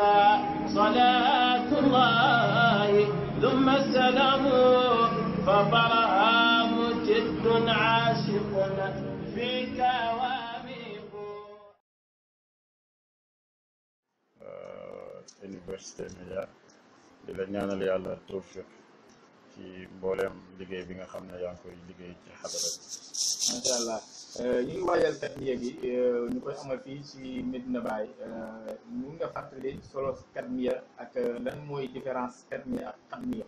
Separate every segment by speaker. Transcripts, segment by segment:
Speaker 1: عليك صلاة الله ثم السلام فطرها مجد عاشق فيك واميق Université Média di la ñaanal yàlla tawfiq ci mbooleem liggéey bi nga xam ne yaa ngi koy liggéey ci xadara bi macha allah Euh, ñu ngi waajal katmiya gi euh, ñu koy amal fii ci Medina Baye euh, ñu nga fàttali solo katmiya ak lan mooy différence katmiya ak xatmiya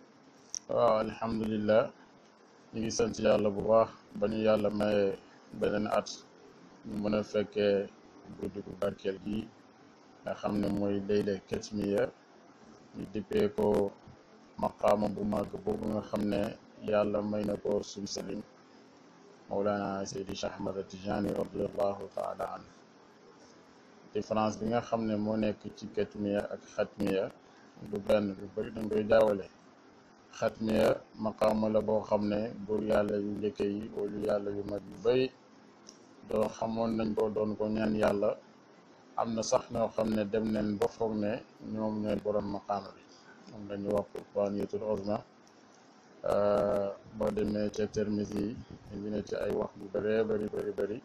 Speaker 1: waaw alhamdulilah ñu ngi sant yàlla bu baax ba ñu yàlla maye beneen at ñu mën a fekkee guddi gu barkeel gi nga xam ne mooy Layla katmiya ñu dippee ko maqaama bu màgg boobu nga xam ne yàlla may na ko suñ salim Mawlana Seydi Cheikh Ahmad Tijani radiallahu taala anhu différence bi nga xam ne moo nekk ci katmiya ak xatmiya du benn bu bëri dañ koy jaawale xatmiya maqaama la boo xam ne buur yàlla yu njëkke yi wolu yàlla yu mag yu bari doo xamoon nañ ko doon ko ñaan yàlla am na sax ñoo xam ne dem nañ ba foog ne ñoom ñooy borom maqaama bi am nañu wax qurbaaniyatul uzma boo demee ca Tirmisi indi na ci ay wax bu bëree bëri bëri bëri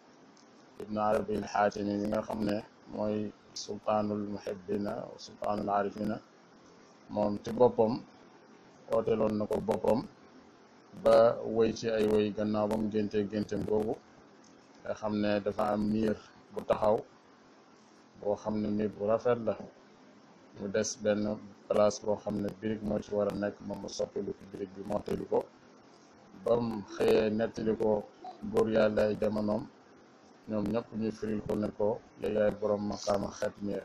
Speaker 1: ibnu arabi al xaatimi mi nga xam ne mooy sultaanul muhibbina sultaanul arifina moom ci boppam ooteloon na ko boppam ba woy ci ay woy gannaaw ba mu génte xam ne dafa am miir bu taxaw boo xam ne miir bu rafet la mu des benn place boo xam ne birig moo ci war a nekk moom mu soppilu ko birig bi mottali ko ba mu xëyee nettali ko buur yàlla ay jamonoom ñoom ñëpp ñu firil ko ne ko yaay borom maqaama xeet miir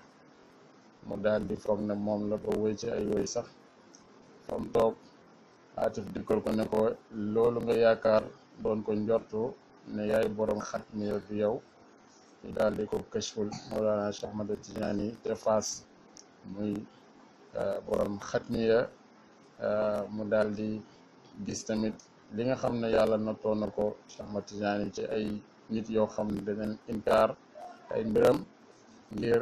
Speaker 1: mu daal di foog ne moom la ko wéy ci ay wéy sax fa toog aatif dikkal ko ne loolu nga yaakaar doon ko njortu ne yaay borom xat miir bi yow ñu dal di ko kashful Mawlana Cheikh Ahmad Tijaani te faas muy euh, borom xatmiya euh, mu daldi gis tamit li nga xam ne yàlla nattoo ko Cheikh Ahmad ci ay nit yoo xam ne danañ inkaar ay mbiram ngir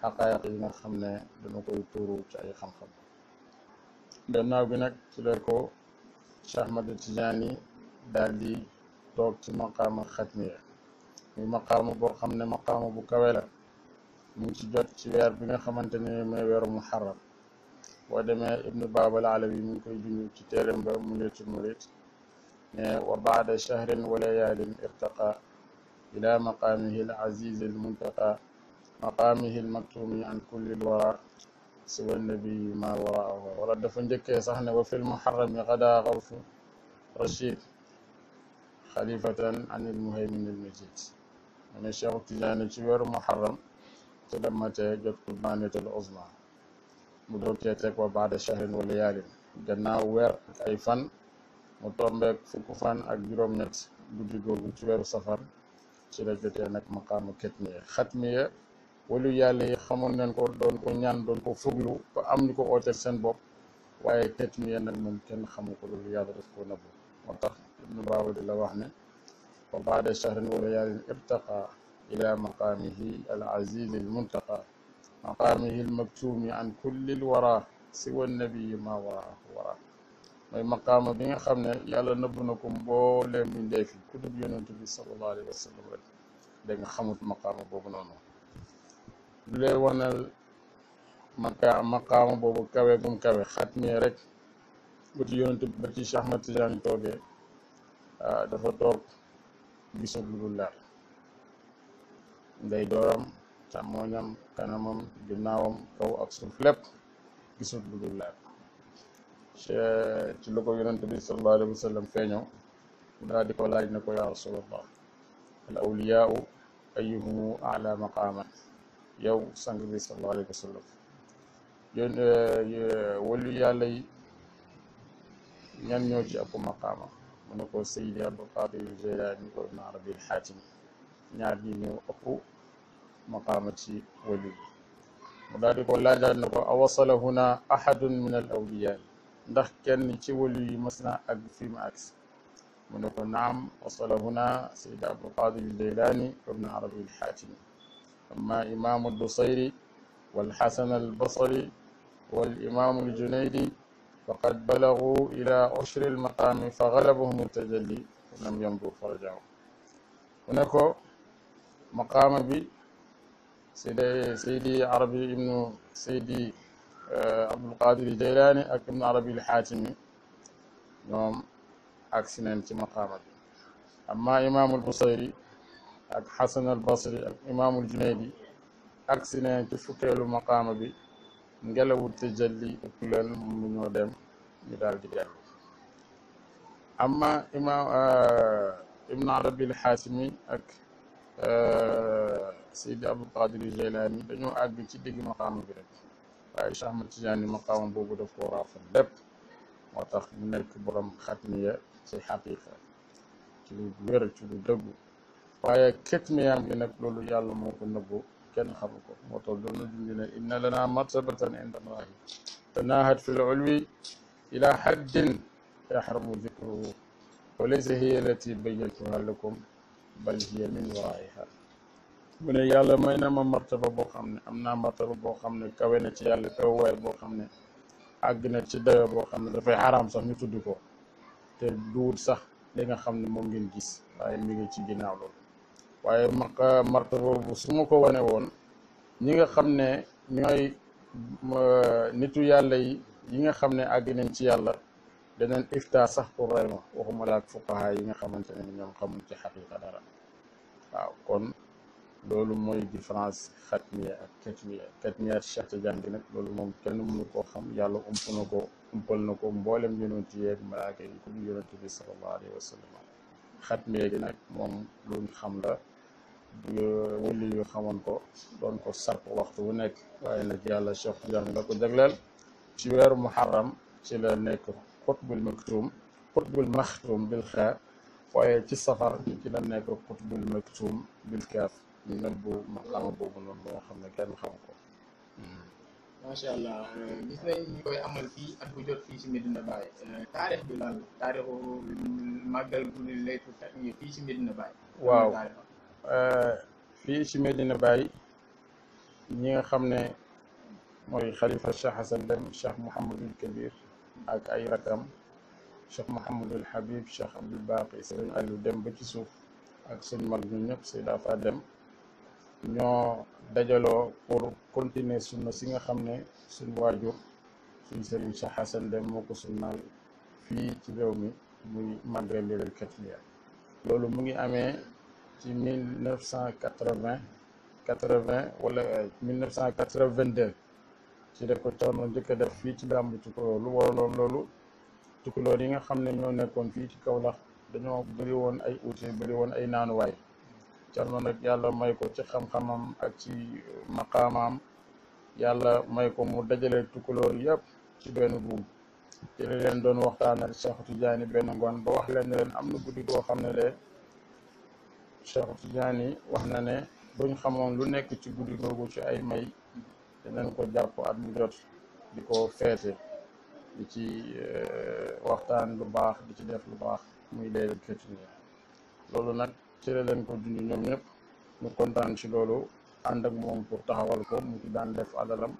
Speaker 1: xaqaayaq yi nga xam ne dana koy tuuru ci ay xam-xam gannaaw bi nag ci la ko Cheikh Ahmad Tidiane toog ci maqaama xatmiya muy maqaama boo xam ne maqaama bu kawe la mu ngi ci jot ci weer bi nga xamante ne mooy weeru muharram boo demee ibnu baabal alawi mu ngi koy junj ci téeram ba mu leetul murit ne wa baada shahrin wa layaalin irtaqa ila maqaamihi al azizi al muntaqa maqaamihi al maktuumi an kulli al wara siwa nabiyi ma waraahu wala dafa njëkkee sax ne wa fil muharrami xadaa xawfu rachid xalifatan an al muhaymin al majid mu ne cheikhu tijaani ci weeru muharram su demmatee jot qurbaaniyatul uzma mu doog cee teg wa baada shahrin wa layaalin gannaaw weer ak ay fan mu tombeek fukk fan ak juróom-ñett guddi googu ci weeru safar ci la jotee nag maqaamu ketmiye xatmiye walu yàlla yi xamoon nañ ko doon ko ñaan doon ko fuglu ba am ñu ko ooteel seen bopp waaye ketmiye nag moom kenn xamu ko loolu yàlla daf ko nëbbu moo tax ibnu baaba di la wax ne wa baada shahrin wa layaalin ibtaqa إلى مقامه العزيز المنتقى مقامه المكتوم عن كل الورى سوى النبي ما وراه وراه mooy maqaama bi nga xam ne yàlla nëbb na ko mbooleem bi ndeef yi ku dul yonent bi sallallahu xamut maqaama boobu noonu lu lay wanal maka maqaama boobu kawe gum kawe xatmee rek bu ci yonent bi ba ci Cheikh ah, dafa toog gisul lu ndeyjooram càmmooñam kanamam ginnaawam kaw ak suuf lépp gisul lu ci la ko yonent bi sallallahu alayhi wa sallam feeñoo di ko laaj ne ko yaa rasulallah al awliyaau ayuhumu ala maqaaman yow sang bi sallallahu alayhi wa sallam yoon eh, wàllu yàlla yi ñan ñoo ci ëpp maqaama mu ne ko sayidi abdul qadir jeylaani ibn arabi ñaar ñi ñoo ëpp maqaama ci wali mu daal di ko laajaat na ko awasala huna ahadun min al awliyaa ndax kenn ci wali yi mas na ak fi mu agsi mu ne ko naam wasala huna sayd abdul qadir al jeylaani wa ibn arabi al xaatimi amma imaamu dusayri wal xasan al basri wal imaamu al junaydi faqad balagu ila ushri al maqaami fa galabahum al tajalli lam yamdu farjahu mu ne ko maqaama bi seydi seydi arabi ibnu seydi eh, abdulqadir jeylaani ak ibnu arabi lxaatimi ñoom agsi nañ ci maqaama bi amma imaamul busayri ak xasan al basri ak imaamul junayd agsi nañ ci fukkeelu maqaama bi ngelawul tajalli ëpp mu ñoo dem ñu di dem amma imaam eh, ibnu arabi lxaatimi ak Euh, Seydi Abdul Qadir Jeylaani dañoo àgg ci digg maqaama bi rek waaye Cheikh Ahmad Tijaani maqaama boobu daf ko raafal lépp moo tax mu nekk borom xatmiya ci xaqiqa ci lu wér ci lu dëggu waaye kitmiyaam gi nag loolu yàlla moo ko nëbbu kenn xamu ko moo tax doon na dund ne inna lana martabatan inda allahi tanahat fi lulwi ila haddin yaxramu dikruhu wa laysa hiya allati bayyantuha lakum bal hiya min waraiha mu ne yàlla may na ma martaba boo xam ne am naa martaba boo xam ne kawe na ci yàlla kaw waay boo xam ne àgg na ci dayo boo xam ne dafay xaraam sax ñu tudd ko te duwut sax li nga xam ne moom ngeen gis waaye mi ngi ci ginnaaw loolu waaye martaba bu su ma ko wanee woon ñi nga xam ne ñooy euh, nitu yàlla yi yi nga xam ne àgg nañ ci yàlla daneen ifta sax pour rey ma waxuma laak fuqaha yi nga xamante ne ñoom xamuñ ci xaqiqa dara waaw kon loolu mooy différence xatmiya ak katmiya katmiya Cheikh Tidiane bi nag loolu moom kenn mënu koo xam yàlla ump na ko umpal na ko mboolem yonent yeeg malaaka yi ku ñu yonent moom xam la wëli yu xamoon ko doon ko sàpp waxtu wu nekk waaye nag yàlla Cheikh Tidiane la ko jagleel ci weer muharram ci la nekk xutbul maktum xutbul maxtum bil xaa waaye ci safar ci la nekk xutbul maktum bil kaaf ñu nag bu maqaama boobu noonu ba nga xam ne kenn xam ko macha allah gis nañ ñu koy amal fii at bu jot fii si Medina Baye taarix bi lan taarixu màggal guddi laytu yi fii si Medina Baye waaw euh, fii si Medina Baye ñi nga xam ne mooy xalifa Cheikh Hassan Deme Cheikh Mouhamadul Kabir ak ay rakam cheikh Mouhamadul Habib cheikh Abdul Baqi sëriñ Aliou dem ba ci suuf ak suñ mag ñu ñëpp Seyda Fa dem ñoo dajaloo pour continuer sunna si nga xam ne suñ waajur suñ sëriñ Cheikh Hassan dem moo ko sunnaal fii ci réew mi muy Magal Leylatul Katmiya loolu mu ngi amee ci mille neuf cent quatre-vingt quatre-vingt wala euh, mille neuf cent quatre-vingt-deux ci def ko coono njëkk a def fii ci gàmmu tukulóor lu waraloon loolu tukulóor yi nga xam ne ñoo nekkoon fii ci Kawlax dañoo bëri woon ay uute bëri woon ay naanuwaay Cerno nag yàlla may ko ci xam-xamam ak ci maqaamaam yàlla may ko mu dajale tukulóor yépp ci benn buum ci li leen doon waxtaanal Cheikh Tidiane benn ngoon ba wax leen leen am na guddi goo xam ne de Cheikh Tidiane wax na ne buñ xamoon lu nekk ci guddi googu ci ay may te nañ ko jàpp at mu jot di ko feete di ci euh, waxtaan lu baax di ci def lu baax muy Laylatul Qadr loolu nag ci la leen ko dund ñoom ñëpp ñu kontaan ci loolu ànd ak moom pour taxawal ko mu ci daan def alalam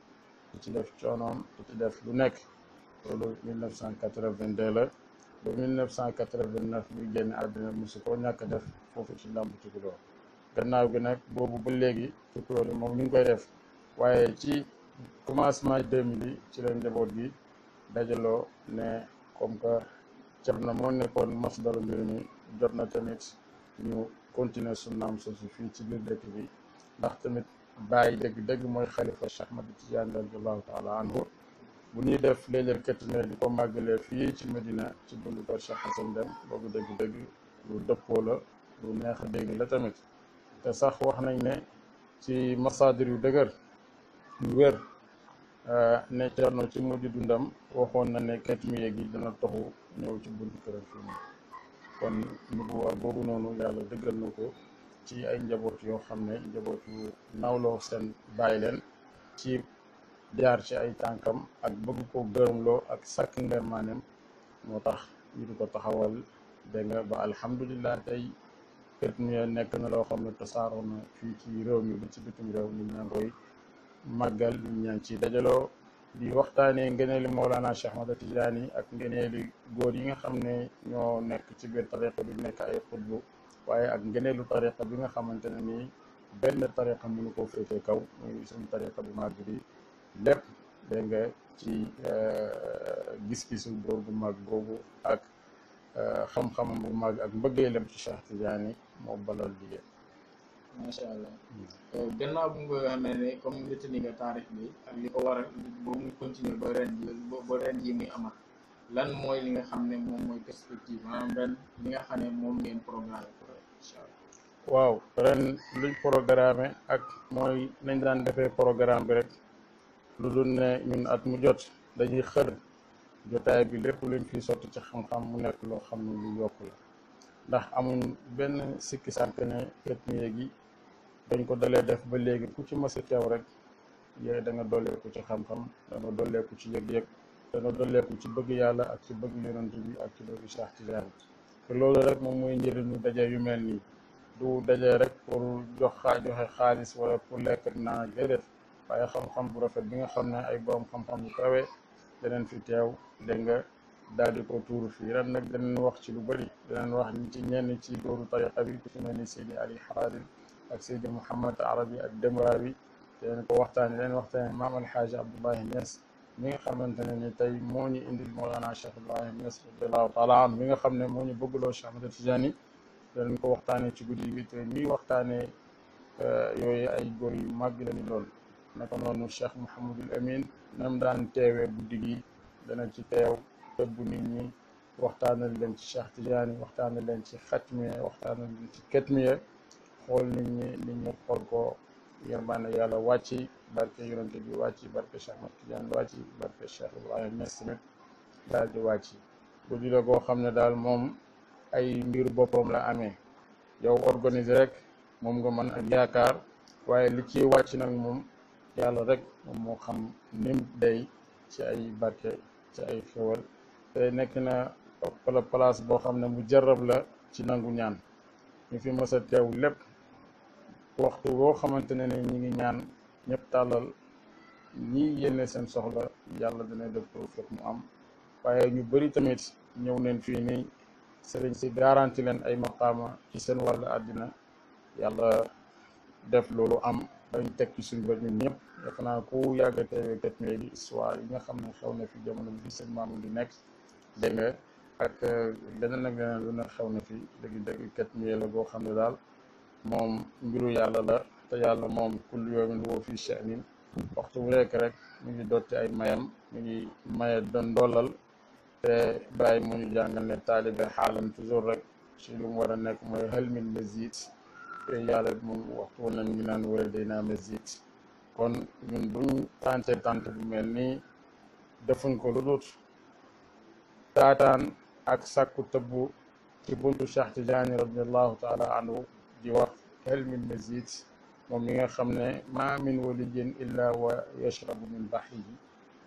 Speaker 1: di ci def coonoom di ci def lu nekk loolu cent 1982 la ba 1989 muy génn àddina mosu ko ñàkk def foofu ci làmb tukulóor gannaaw gi nag boobu ba léegi tukulóor yi moom ñu koy def waaye ci commencement 2000 yi ci la njaboot gi dajaloo ne comme que Cerno moo nekkoon masdaru mbir mi jot na tamit ñu continuer su naam soosu fii ci biir dëkk bi ndax tamit bàyyi dëgg dégg mooy xalifa Cheikh Ahmad Tijaan radiyallahu taala anhu bu ñuy def léeg-léeg kattanee di ko fii ci Medina ci bundu kër Cheikh Hassan Deme dégg dëgg-dëgg lu dëppoo la lu neex a dégg la tamit te sax wax nañ ne ci masaadir yu dëgër lu wér eh, ne Cerno ci mujj dundam waxoon na ne katmiya gi dana toxu ñëw ci buntu këram fii nii kon nubuwaat boobu noonu yàlla dëggal na ko ci ay njaboot yoo xam ne njaboot yu nawloo seen bàyyi leen ci jaar ci ay tànkam ak bëgg ko gërëmloo ak sàkk ndermaaneem moo tax ñu di ko taxawal dégg nga ba alhamdulilah tey katmiya nekk na loo xam ne tasaaroo na fii ci réew mi ba ci bitim réew nit ñaa koy màggal ñaa ngi ci dajaloo di waxtaanee ngëneeli Mawlana Cheikh Ahmad Tijaani ak ngëneeli góor yi nga xam ne ñoo nekk ci biir tariqa bi nekk ay xutbu waaye ak ngëneelu tariqa bi nga xamante ne nii benn tariqa mënu ko féetee kaw muy suñu tariqa bu màgg bi lépp dégg nga ci euh, gis-gisu góor bu màgg boobu ak euh, xam-xamam bu màgg ak mbëggeelam ci Cheikh Tijaani moo balal liggéey macha allah euh, gannaaw bu nga li ko waral ba lan mooy li nga xam ne mooy perspective maanaam nga xam ne moom ngeen programme waaw ren luñ programme ak mooy nañ daan defee programme bi rek lu dul ne ñun at mu jot dañuy xër jotaay bi lépp luñ fi sotti ci xam-xam mu nekk loo xam lu yokk la ndax amuñ benn sikki sànk ne ethnie gi dañ ko dalee def ba léegi ku ci mas a teew rek yooyu da nga dolleeku ci xam-xam da nga ci yëg-yëg da ci bëgg yàlla ak ci bëgg yonent ak ci bëgg Cheikh Tidiane te loolu rek moom muy njëriñu daje yu mel nii du daje rek pour jox xaa joxe xaalis wala pour lekk naa déedéet waaye xam-xam bu rafet bi nga xam ne ay borom xam-xam bu kawe deneen fi teew dégg nga daal di ko tuuru fii ren nag danañ wax ci lu bëri danañ wax ci ñenn ci góoru tariqa bi ku ci mel ni Seydi Ali Xaadim ak Seydi Mouhammad Arabi ak Dëmraawi te leen ko waxtaane leen waxtaane maam alxaaji Abdullahi Niass mi nga xamante ne ni tey moo ñu indil Mawlana Cheikh Ibrahim Niass radiallahu taala an mi nga xam ne moo ñu bëggloo Cheikh Ahmad Tijaani te leen ko waxtaane ci guddi gi te ñuy waxtaane euh, yooyu ay góor yu màgg lañu lool naka noonu Cheikh Mouhamadul Amin nam daan teewee guddi gi dana ci teew tëbb nit ñi waxtaanal leen ci Cheikh Tijaani waxtaanal leen ci xatmiya waxtaanal leen ci ketmiya xool nit ñi nit ñi xool ko yërmaande yàlla wàcci barke yonent bi wàcci barke Cheikh Ahmad Tidiane wàcci barke Cheikh Ibrahima Niass tamit daal di wàcci guddi la goo xam ne daal moom ay mbiru boppam la amee yow organiser rek moom nga mën ak yaakaar waaye li ci wàcc nag moom yàlla rek moom moo xam nim day ci ay barke ci ay xewal te nekk na pala place boo xam ne mu jarab la ci nangu ñaan ñu fi mës teew lépp waxtu boo xamante ne ni ñi ngi ñaan ñëpp tàllal ñi yéene seen soxla yàlla dina def tawfiq mu am waaye ñu bëri tamit ñëw neen fii nii si garanti leen ay maqaama ci seen wàllu àddina yàlla def loolu am dañ teg ci suñu bët ñun ñëpp defe naa ku yàgga teewe tet mii di histoire yi nga xam ne xew na fi jamono bi seen maam di nekk dégg nga ak euh, leneen ak lu ne xew na fi dëgg dëgg tet la boo xam ne daal moom mbiru yàlla la te yàlla moom kul yoomin woo fii sha'nin waxtu bu nekk rek mu ngi dotti ay mayam mu ngi maye doon doolal te bàyyi mu ñu jàngal ne taalibe xaalam toujours rek ci lu mu war a nekk mooy hal min mazid te yàlla moom waxtu woon nañ ngi naan wala day naa mazid kon ñun buñ tante tante bu mel nii defuñ ko lu dut taataan ak sàkku tëbbu ci buntu Cheikh Tidiane radiallahu taala anhu di wax hal min mazid moom mi nga xam ne ma min waliyyin illa wa yashrabu min bahiyi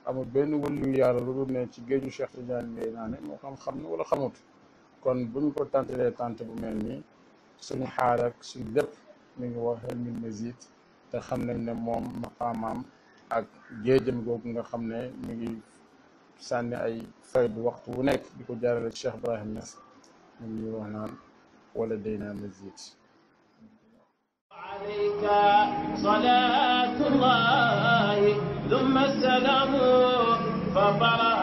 Speaker 1: amul benn wëllu yàlla lu dul ne ci géeju Cheikh Tidiane ngay naane moo xam xam na wala xamut kon buñ ko tantalee tant bu mel nii suñu xaar ak suñ lépp mi ngi wax hal min mazid te xam nañ ne moom maqaamaam ak géejam googu nga xam ne mi ngi sànni ay faydu waxtu wu nekk di ko jaarale Cheikh Ibrahim Niass ñu ngi wax naan wala day naa mazid عليك صلاة الله ثم السلام فبرأ